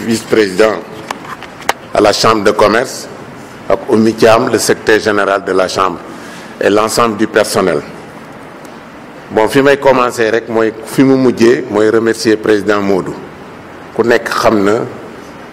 vice-président à la Chambre de commerce, ak le secteur général de la Chambre et l'ensemble du personnel. bon je vais commencer rek moi, fimou mu président Moudou pour son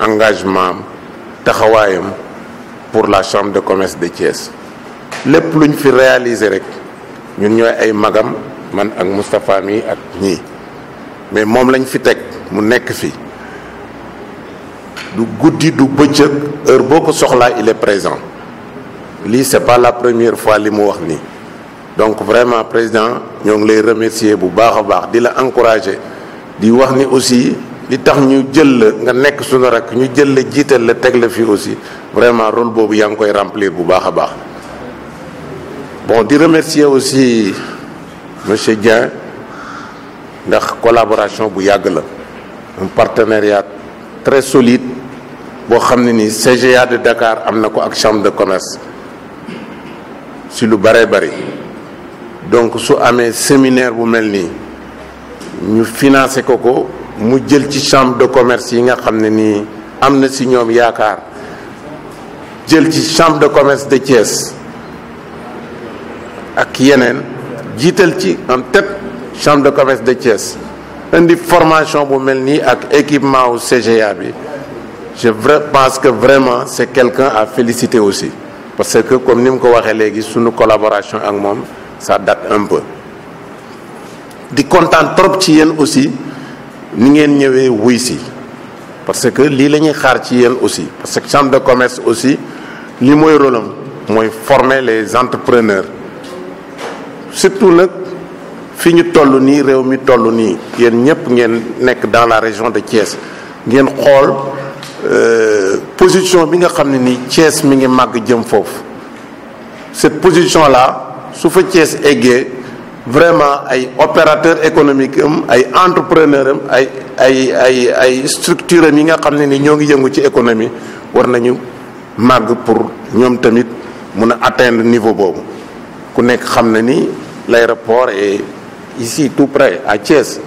engagement pour la chambre de commerce de Thiès Le plus a fi réaliser rek ñun magam man ak Moustapha mi ak ni mais mon lañ fi tek mu nek fi du goût, du budget, il est présent Ce c'est pas la première fois li mu donc vraiment président nous remercier bu di la aussi li tax ñu jël nga aussi vraiment remplir bon di remercier aussi monsieur collaboration bu un partenariat très solide boo xam ne nii CGA de Dakar am na ko ak chambre de commerce si lu bëree bëri donc su amee séminaire bu mel nii ñu financé ko ko mu jël ci chambre de commerce yi nga xam ne nii am na si ñoom yaakaar jël ci chambre de commerce de Thiès ak yeneen jiital ci en tête chambre de commerce de Thiès indi formation bu mel nii ak équipement wu CGA bi je pense que vraiment c'est quelqu'un à féliciter aussi parce que comme nous l'avons ko sous léegi suñu collaboration ak ça date un peu di content trop ci aussi nous sommes ñëwee wuy si parce que c'est ce xaar ci aussi parce que chambre de commerce aussi nous mooy rôle former les entrepreneurs surtout nag fi ñu toll nii réew mi dans la région de Thiès sommes xool euh, position bi nga xamni ni Thiès mi ngi mag jëm fof cette position là su fa Thiès égué vraiment ay opérateur économique am ay entrepreneur am ay ay ay ay structure mi nga xamni ni ñoo ngi ci économie war nañu mag pour ñom tamit mëna atteindre niveau bobu ku nekk xam l'aéroport est ici tout près à Thiès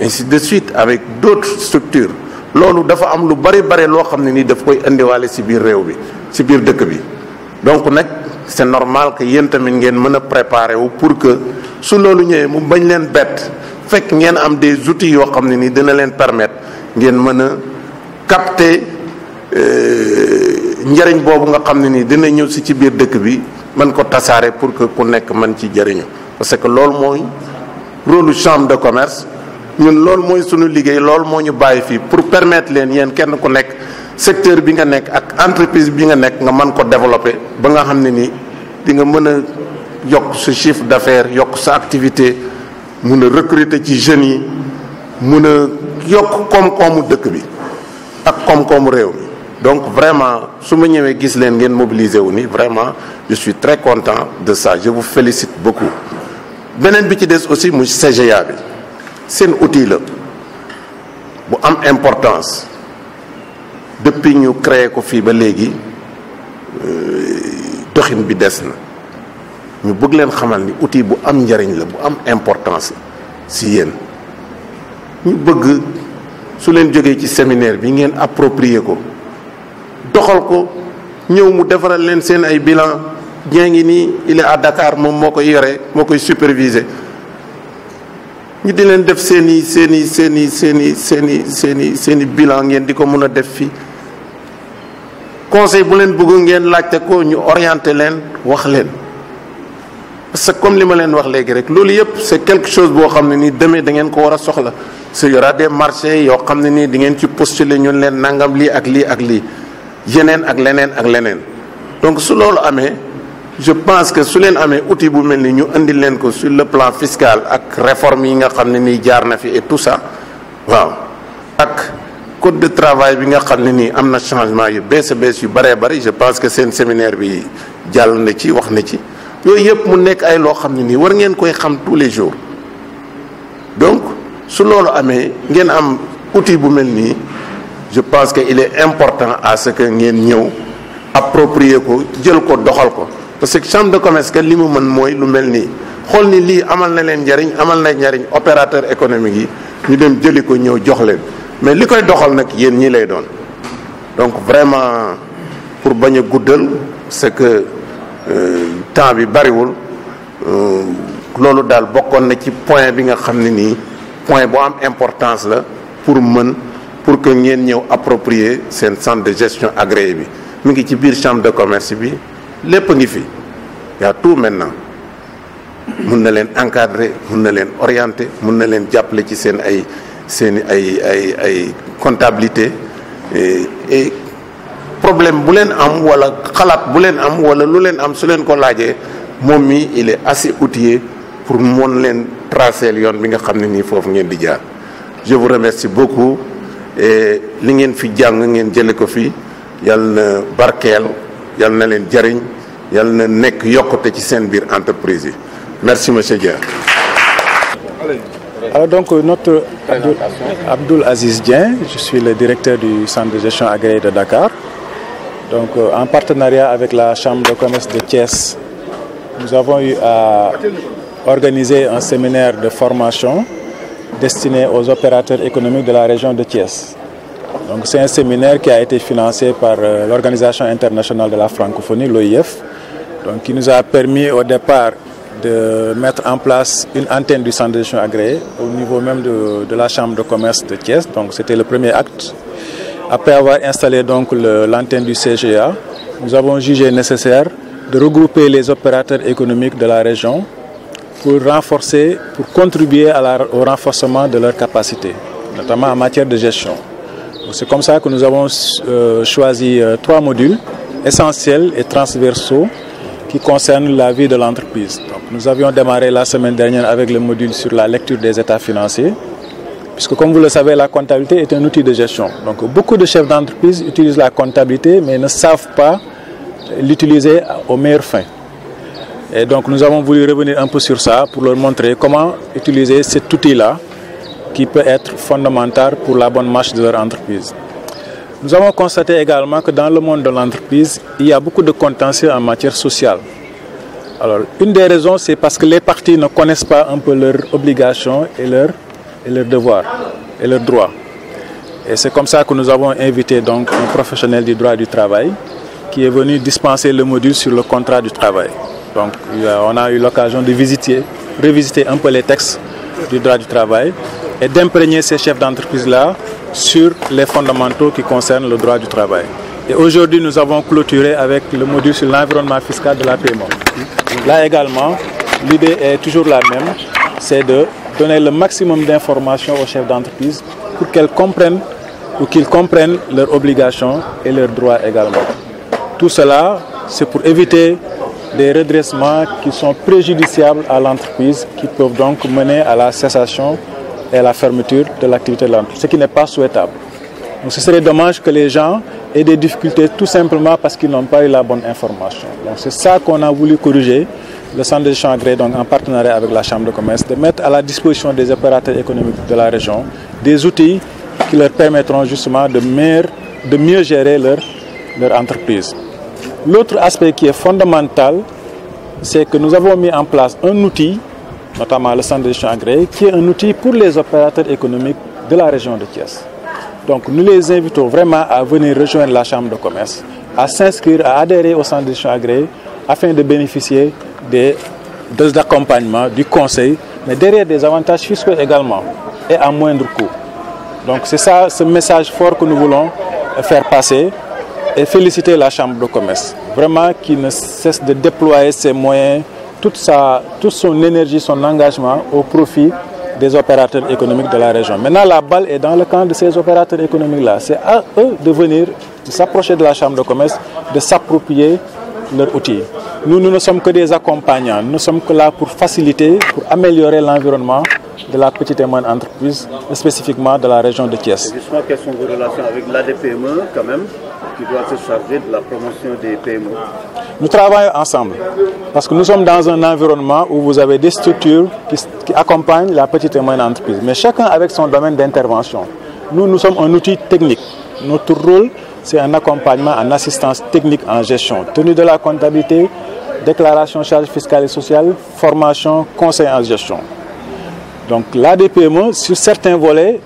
ainsi de suite avec d'autres structures loolu dafa am lu bari bari loo xam ne nii daf koy indiwaale si biir réew bi si biir dëkk bi donc nag c'est normal que yéen tamit ngeen mën a préparer wu pour que su loolu ñëwee mu bañ leen bett fekk ngeen am des outils yoo xam ne nii dina leen permettre ngeen mën a capter euh, njariñ boobu nga xam ne nii dina ñëw si ci biir dëkk bi mën ko tasaare pour que ku nekk mën ci jariñu parce que loolu mooy rôle chambre de commerce ñun lool mooy sunu liggéey lool moo ñu bàyyi fii pour permettre leen yéen kenn ku nekk secteur bi nga nekk ak entreprise bi nga nekk nga mën ko développer ba nga xam ne nii di nga mën a yokk sa chiffre d'affaires yokk sa activité mun a recruter ci jeunes yi mun a yokk koom-koomu dëkk bi ak koom-koomu réew mi donc vraiment su ma ñëwee gis leen ngeen mobiliser wu ni vraiment je suis très content de ça je vous félicite beaucoup beneen bi ci des aussi mu CGA bi sen outil la bu am importance depuis ñu créer ko fi ba léegi euh, doxin bi dess na ñu bëgg leen xamal ni outil bu am njariñ la bu am importance si yeen ñu bëgg su leen joggé ci séminaire bi ngeen approprier ko doxal ko ñëw mu defaral leen seen ay bilan ñaa ngi il est à Dakar mom moko yoré moko superviser ñi di leen def seen i seen i seen i seen i seen i seen i seen i bilan ngeen di ko mën a def fii conseil bu leen bëgg ngeen laajte ko ñu orienté leen wax leen parce que comme li ma leen wax léegi rek loolu yëpp c'est quelque chose boo xam ne nii demee da ngeen ko war a soxla su y aura des marchés yoo xam ne nii di ngeen ci postuler ñun leen nangam lii ak lii ak lii yeneen ak leneen ak leneen donc su loolu amee je pense que su len amé outil bu melni ñu andil len ko sur le plan fiscal ak réforme yi nga xamni ni jaar na fi et tout ça waaw ak code de travail bi nga xamni ne nii changement yu bees a yu bare bare je pense que sen séminaire bi jall na ci wax na ci yoy yep mu nek ay lo xamni ni war ngeen koy xam tous les jours donc su lolu amé ngeen am outil bu melni je pense que il est important à ce que ngeen ñew approprier ko jël ko doxal ko parce que chambre de commerce que li mu mën mooy lu melni nii xool ni amal na len jariñ amal na jariñ opérateur économique yi ñu dem jëli ko ñëw jox leen mais li koy doxal nak yeen ñi lay doon donc vraiment pour baña a guddal c'est que euh, temps bi bariwul euh, lolu dal bokon na ci point bi nga xamni ni point bu am importance la pour mën pour que ñeen ñëw approprier seen centre de gestion agréé bi mi ngi ci biir chambre de commerce bi lépp ngi fi y a tout maintenant mun na leen encadrer mun na leen orienter mun na leen jàppale ci seen ay seen ay ay ay comptabilité et problème bu leen am wala xalaat bu leen am wala lu leen am su leen ko laajee moom mi il est assez outillé pour mën leen tracer yoon bi nga xam ne nii foofu ngeen di jaar je vous remercie beaucoup et li ngeen fi jàng ngeen jële ko fi yàlla na barkeel merci monsieur Alors donc notre Abdoul, Aziz Dien, je suis le directeur du centre de gestion agréé de Dakar. Donc euh, en partenariat avec la Chambre de commerce de Thiès, nous avons eu à organiser un séminaire de formation destiné aux opérateurs économiques de la région de Thiès c'est un séminaire qui a été financé par euh, l'Organisation internationale de la francophonie, l'OIF, qui nous a permis au départ de mettre en place une antenne du centre de gestion agréé au niveau même de, la chambre de commerce de Thiès. Donc c'était le premier acte. Après avoir installé donc l'antenne du CGA, nous avons jugé nécessaire de regrouper les opérateurs économiques de la région pour renforcer, pour contribuer au renforcement de leurs capacités, notamment en matière de gestion. C'est comme ça que nous avons euh, choisi euh, trois modules essentiels et transversaux qui concernent la vie de l'entreprise. Nous avions démarré la semaine dernière avec le module sur la lecture des états financiers, puisque comme vous le savez, la comptabilité est un outil de gestion. Donc beaucoup de chefs d'entreprise utilisent la comptabilité, mais ne savent pas l'utiliser aux meilleures fins. donc nous avons voulu revenir un peu sur ça pour leur montrer comment utiliser cet outil-là qui peut être fondamentale pour la bonne marche de leur entreprise. Nous avons constaté également que dans le monde de l'entreprise, il y a beaucoup de contentieux en matière sociale. Alors, une des raisons, c'est parce que les partis ne connaissent pas un peu leurs obligations et leurs et devoirs et leurs droits. Et c'est comme ça que nous avons invité donc un professionnel du droit du travail qui est venu dispenser le module sur le contrat du travail. Donc on a eu l'occasion de visiter, revisiter un peu les textes du droit du travail et d'imprégner ces chefs d'entreprise-là sur les fondamentaux qui concernent le droit du travail. Et aujourd'hui, nous avons clôturé avec le module sur l'environnement fiscal de la paiement. Là également, l'idée est toujours la même, c'est de donner le maximum d'informations aux chefs d'entreprise pour qu'elles comprennent ou qu'ils comprennent leurs obligations et leurs droits également. Tout cela, c'est pour éviter des redressements qui sont préjudiciables à l'entreprise, qui peuvent donc mener à la cessation et la fermeture de l'activité de l'entreprise, ce qui n'est pas souhaitable. Donc ce serait dommage que les gens aient des difficultés tout simplement parce qu'ils n'ont pas eu la bonne information. Donc c'est ça qu'on a voulu corriger, le centre de champs donc en partenariat avec la Chambre de commerce, de mettre à la disposition des opérateurs économiques de la région des outils qui leur permettront justement de mieux, de mieux gérer leur, leur entreprise. L'autre aspect qui est fondamental, c'est que nous avons mis en place un outil notamment le centre de gestion agréé, qui est un outil pour les opérateurs économiques de la région de Thiès. Donc nous les invitons vraiment à venir rejoindre la Chambre de commerce, à s'inscrire, à adhérer au centre de gestion agréé, afin de bénéficier des doses d'accompagnement, du conseil, mais derrière des avantages fiscaux également, et à moindre coût. Donc c'est ça ce message fort que nous voulons faire passer et féliciter la Chambre de commerce, vraiment qui ne cesse de déployer ses moyens toute, toute son énergie, son engagement au profit des opérateurs économiques de la région. Maintenant, la balle est dans le camp de ces opérateurs économiques-là. C'est à eux de venir, de s'approcher de la Chambre de commerce, de s'approprier leur outil. Nous, nous ne sommes que des accompagnants. Nous sommes que là pour faciliter, pour améliorer l'environnement de la petite et moyenne entreprise, spécifiquement de la région de Thiès. quelles sont vos relations avec l'ADPME quand même qui doit se charger de la promotion des PME Nous travaillons ensemble parce que nous sommes dans un environnement où vous avez des structures qui, accompagnent la petite et moyenne entreprise, mais chacun avec son domaine d'intervention. Nous, nous sommes un outil technique. Notre rôle, c'est un accompagnement, une assistance technique en gestion, tenue de la comptabilité, déclaration charges fiscales et sociales, formation, conseil en gestion. Donc l'ADPME, sur certains volets,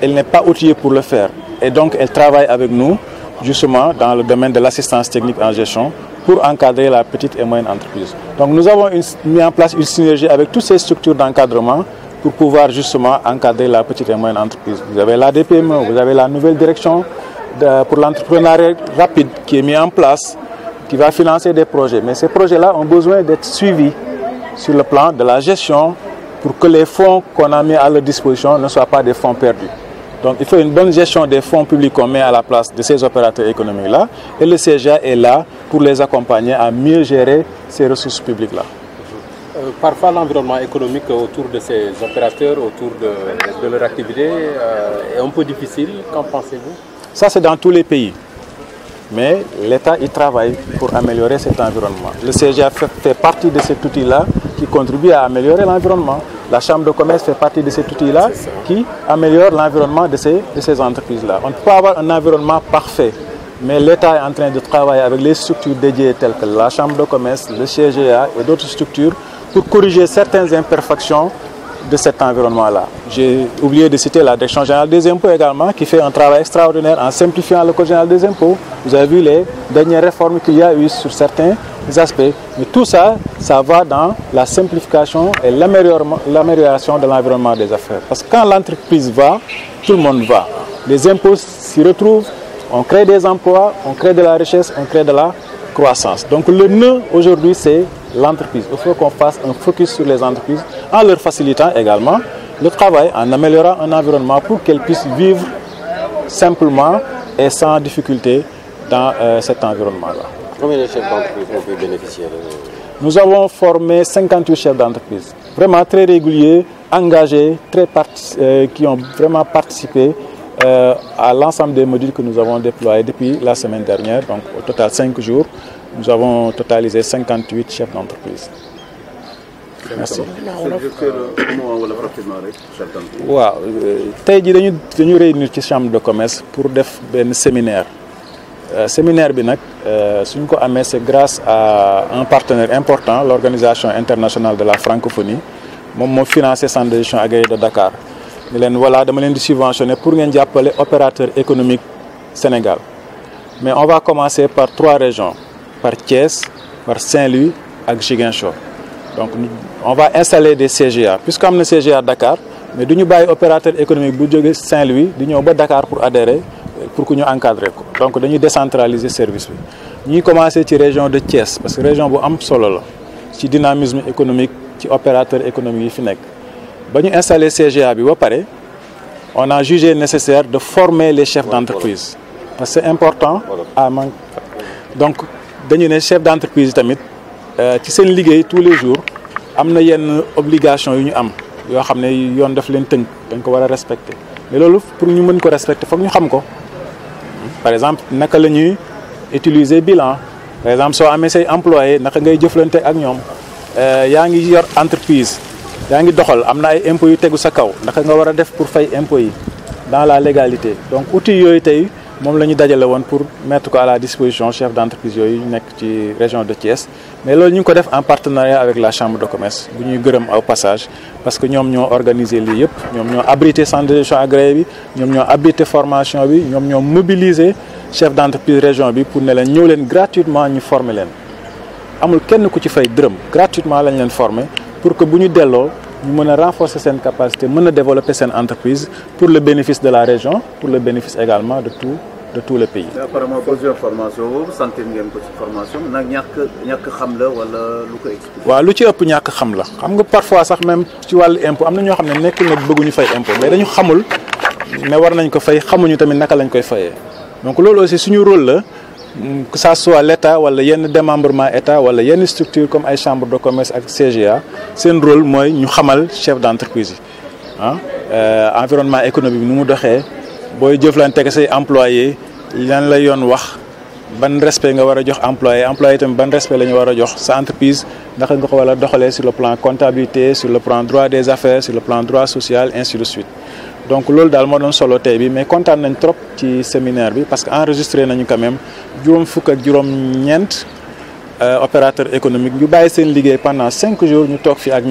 elle n'est pas outillée pour le faire. Et donc, elle travaille avec nous justement dans le domaine de l'assistance technique en gestion pour encadrer la petite et moyenne entreprise. Donc nous avons mis en place une synergie avec toutes ces structures d'encadrement pour pouvoir justement encadrer la petite et moyenne entreprise. Vous avez l'ADPME, vous avez la nouvelle direction pour l'entrepreneuriat rapide qui est mise en place, qui va financer des projets. Mais ces projets-là ont besoin d'être suivis sur le plan de la gestion pour que les fonds qu'on a mis à leur disposition ne soient pas des fonds perdus. Donc il faut une bonne gestion des fonds publics qu'on met à la place de ces opérateurs économiques-là. Et le CGA est là pour les accompagner à mieux gérer ces ressources publiques-là. Euh, parfois, l'environnement économique autour de ces opérateurs, autour de, leur activité, euh, est un peu difficile. Qu'en pensez-vous Ça, c'est dans tous les pays. Mais l'État y travaille pour améliorer cet environnement. Le CGA fait partie de cet outil-là qui contribue à améliorer l'environnement. La chambre de commerce fait partie de cet outil-là qui améliore l'environnement de ces, entreprises-là. On ne peut pas avoir un environnement parfait, mais l'État est en train de travailler avec les structures dédiées telles que la chambre de commerce, le CGA et d'autres structures pour corriger certaines imperfections de cet environnement-là. J'ai oublié de citer la Direction générale des impôts également, qui fait un travail extraordinaire en simplifiant le Code général des impôts. Vous avez vu les dernières réformes qu'il y a eu sur certains aspects. Mais tout ça, ça va dans la simplification et l'amélioration de l'environnement des affaires. Parce que quand l'entreprise va, tout le monde va. Les impôts s'y retrouvent, on crée des emplois, on crée de la richesse, on crée de la croissance. Donc le nœud aujourd'hui, c'est l'entreprise. Il faut qu'on fasse un focus sur les entreprises en leur facilitant également le travail, en améliorant un environnement pour qu'elles puissent vivre simplement et sans difficulté dans euh, cet environnement-là. Combien de chefs d'entreprise ont pu bénéficier de... Nous avons formé 58 chefs d'entreprise, vraiment très réguliers, engagés, très euh, qui ont vraiment participé euh, à l'ensemble des modules que nous avons déployés depuis la semaine dernière, donc au total 5 jours. Nous avons totalisé 58 chefs d'entreprise merci waaw tey ji dañu dañu réunir ci chambre de commerce pour def un séminaire euh, séminaire bi euh, c'est grâce à un partenaire important l'organisation internationale de la francophonie Qui a financé centre de à agréé de Dakar Nous avons voilà dama subventionner pour ngeen appeler opérateur économique Sénégal mais on va commencer par trois régions par Thiès par Saint-Louis et Gigenshaw donc on va installer des CGA puisqu'on a CGA à Dakar mais duñu un opérateur économique de Saint-Louis di Dakar pour adhérer pour qu'on ñu Donc, nous donc dañuy décentraliser service Nous commencer commencé la région de Thiès parce que la région bu am solo la le dynamisme économique ci opérateur économique yi fi avons ba ñu CGA on a jugé nécessaire de former les chefs d'entreprise parce que c'est important Donc, ah, nous donc dañu chefs d'entreprise euh, ci seen liggéey tous les jours am na yenn obligation yu ñu am yoo xam ne yoon daf leen tënk dañ ko war a respecter mais loolu pour ñu mën ko respecter foog ñu xam ko par exemple naka la ñuy utiliser bilan par exemple soo amee say employé naka ngay jëflante ak ñoom euh, yaa ngi yor entreprise yaa ngi doxal am na ay impôts yu tegu sa kaw naka nga war a def pour fay impôts yi dans la légalité donc outil yooyu tey moom la ñu dajale woon pour mettre à la disposition chef d'entreprise de yooyu nekk région de Thiès mais nous ñu fait ko en partenariat avec la chambre de commerce bu ñuy gërëm au passage parce que nous avons organisé lii yëpp nous avons abrité centre de gestion agréé bi ñoom ñoo abrité formation bi avons mobilisé mobiliser chef de la région pour ne leen ñëw leen gratuitement ñu former leen amul kenn ku ci fay gratuitement lañ leen pour que nous ñu ñu mën a renforcer seen capacité mën développer seen entreprise pour le bénéfice de la région pour le bénéfice également de tout de tous les pays. apparemment besoin formation boobu sentir ngeen ko ci formation nag ñàkk ñàkk xam la wala lu ko expliqué. waaw lu ci ëpp ñàkk xam la xam nga parfois sax même ci wàllu impôt am na ñoo xam ne nekkul nag bëgguñu fay impôt mais dañu xamul ne war nañ ko fay xamuñu tamit naka lañ koy fayee donc loolu aussi suñu rôle la que ça soit l'État wala yenn démembrement l'État ou les structures comme ay chambre de commerce le CGA c'est un rôle nous ñu xamal chef d'entreprise ah. euh, environnement économique nous devons mu doxee employés, jëflanteeg say employé lan la yoon wax ban respect nga war respect jox employé employé tamit respect pour ñu sa entreprise ndax sur le plan comptabilité sur le plan droit des affaires sur le plan droit social ainsi de suite donc loolu daal moo doon solo tey bi mais kontaan nañ trop ci séminaire bi parce que enregistré nañu quand même juróom fukk ak juróom euh, opérateur économique ñu bàyyi seen liggéey pendant cinq jours ñu fi ak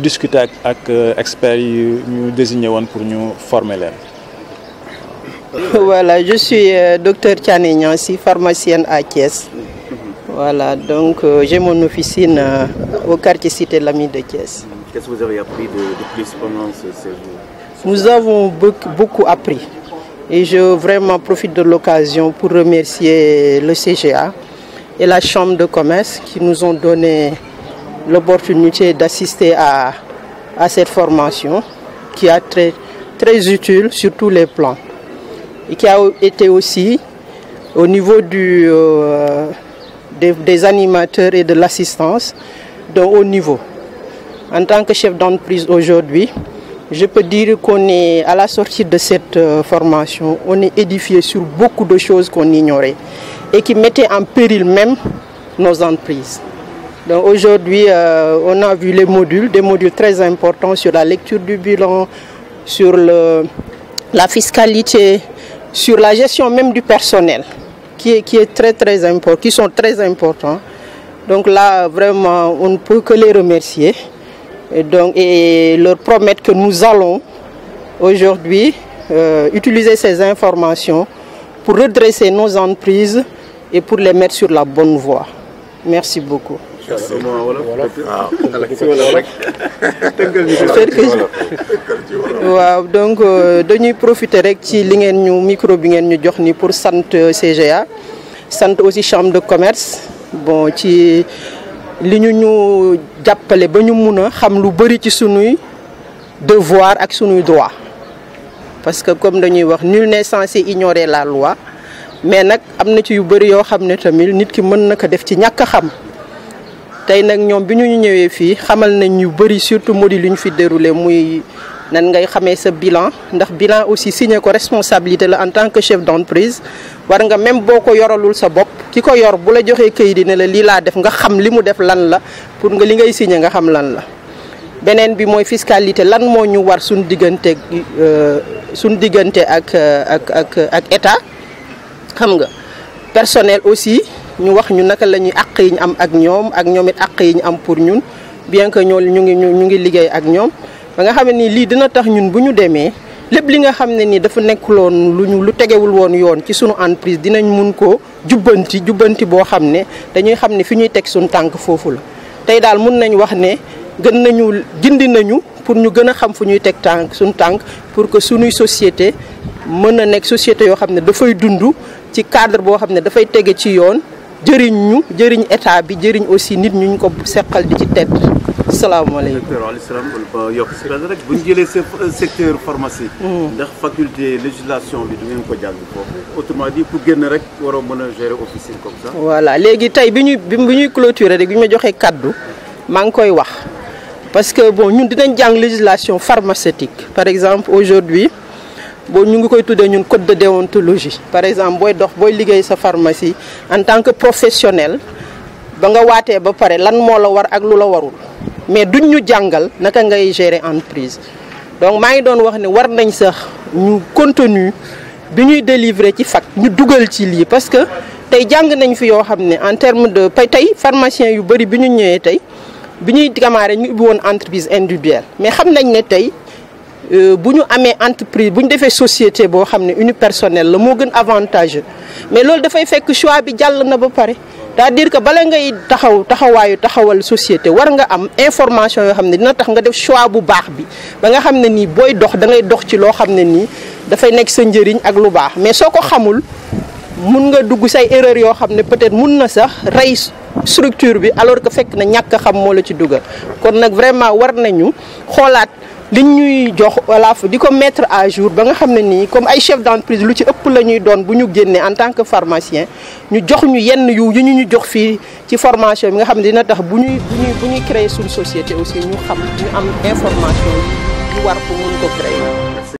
discuter avec ak euh, experts yi ñu désigné woon pour nous former Voilà, je suis euh, docteur Tiané Niansi, pharmacienne à Kies. Voilà, donc j'ai mon officine au quartier Cité Lamy de Kies. Qu'est-ce que vous avez appris de, de plus pendant ce séjour nous avons beaucoup appris et je vraiment profite de l'occasion pour remercier le CGA et la Chambre de commerce qui nous ont donné l'opportunité d'assister à, cette formation qui a très, très utile sur tous les plans et qui a été aussi au niveau euh, des, animateurs et de l'assistance de haut niveau. En tant que chef d'entreprise aujourd'hui, je peux dire qu'on est à la sortie de cette euh, formation, on est édifié sur beaucoup de choses qu'on ignorait et qui mettaient en péril même nos entreprises. aujourd'hui, euh, on a vu les modules, des modules très importants sur la lecture du bilan, sur la fiscalité, sur la gestion même du personnel, qui est, qui est très très important, qui sont très importants. Donc là, vraiment, on ne peut que les remercier et, donc, et leur promettre que nous allons aujourd'hui euh, utiliser ces informations pour redresser nos entreprises et pour les mettre sur la bonne voie. Merci beaucoup. donc euh, dañuy profiter rek micro pour santé euh, CGA santé aussi chambre de commerce bon ci li ñu ñu jàppale ba ñu mun a xam lu bëri ci sunuy devoir ak sunuy droit parce que comme dañuy wax nul n'est censé ignorer la loi mais nag am na ci yu bëri yoo xam ne tamit nit ki mën na ko def ci ñàkk a xam tey nag ñoom bi ñu ñëwee fii xamal nañ yu bëri surtout modi li ñu fi déroulé muy nan ngay xamé sa bilan ndax bilan aussi signé ko responsabilité la en tant que chef d'entreprise war nga même boko yorolul sa bop kiko yor bu la joxé di ne la li la def nga xam limu def lan la pour nga li ngay signé nga xam lan la benen bi moy fiscalité lan mo ñu war sun digënté euh sun digënté ak euh, ak ak ak état xam nga personnel aussi ñu wax ñu naka lañuy ak yiñ am ak ñom ak ñomit ak yiñ am pour ñun bien que ñol ñu ngi ñu ngi liggéey ak ñom ba nga xam ni lii dina tax ñun bu ñu demee lépp li nga xam ne nii dafa nekkuloon lu ñu lu tegewul woon yoon ci sunu entreprise dinañ mun ko jubbanti jubbanti boo xam ne dañuy xam ne fi ñuy teg suñu tànk foofu tey daal mun nañ wax ne gën nañu gindi nañu pour ñu gën a xam fu ñuy teg tànk suñu tànk pour que suñuy société mën a nekk société yoo xam ne dafay dund ci cadre boo xam ne dafay tege ci yoon jëriñ ñu jëriñ état bi jëriñ aussi nit ñu ñu ko seqal di ci tedd salaamaaleykum docteur Salam ba yokk si rajo rek bu ñu jëlee euh, secteur pharmacie. Hmm. ndax faculté législation bi du ngeen ko jàng foofu. autrement dit pour génn rek waroo mën a gérer officine comme ça. voilà léegi tey bi ñuy bi ñuy clôturer rek bi ma joxee kaddu maa ngi koy wax parce que bon ñun dinañ jàng législation pharmaceutique par exemple aujourd'hui boo ñu ngi koy tuddee ñun code de déontologie par exemple booy dox booy liggéey sa pharmacie en tant que professionnel ba nga waatee ba pare lan moo la war ak lu la warul mais duñ ñu jàngal naka ngay gérer entreprise donc maa ngi doon wax ne war nañ sax ñu contenu bi ñuy délivrer ci fac ñu dugal ci lii parce que tey jàng nañ fi yoo xam ne en terme de pay tey pharmacien yu bëri bi ñu ñëwee tey bi ñuy démarrer ñu ubbi woon entreprise individuelle mais xam nañ ne tey euh, bu ñu amee entreprise bu ñu defee société boo xam ne unipersonnelle la moo gën avantage mais loolu dafay fekk choix bi jàll na ba pare cest à que bala ngay taxaw taxawaayu taxawal société war nga am information yoo xam ne dina tax nga def choix bu baax bi ba nga xam ne nii booy dox dangay dox ci loo xam ne nii dafay nekk sa njëriñ ak lu baax mais soo ko xamul mun nga dugg say erreur yoo xam ne peut-être mun na sax rey structure bi alors que fekk na ñàkk xam moo la ci dugal kon nag vraiment war nañu xoolaat. liñ jox OLAF di mettre à jour ba nga xam ne comme ay chef d'entreprise lu ci ëpp lañuy doon bu ñu génnee en tant que pharmacien ñu jox ñu yenn yu yu ñu ñu jox fi ci formation bi nga xamné dina tax bu ñuy bu ñuy bu ñuy créer suñu société aussi ñu xam ñu am information yu war pour mun ko créer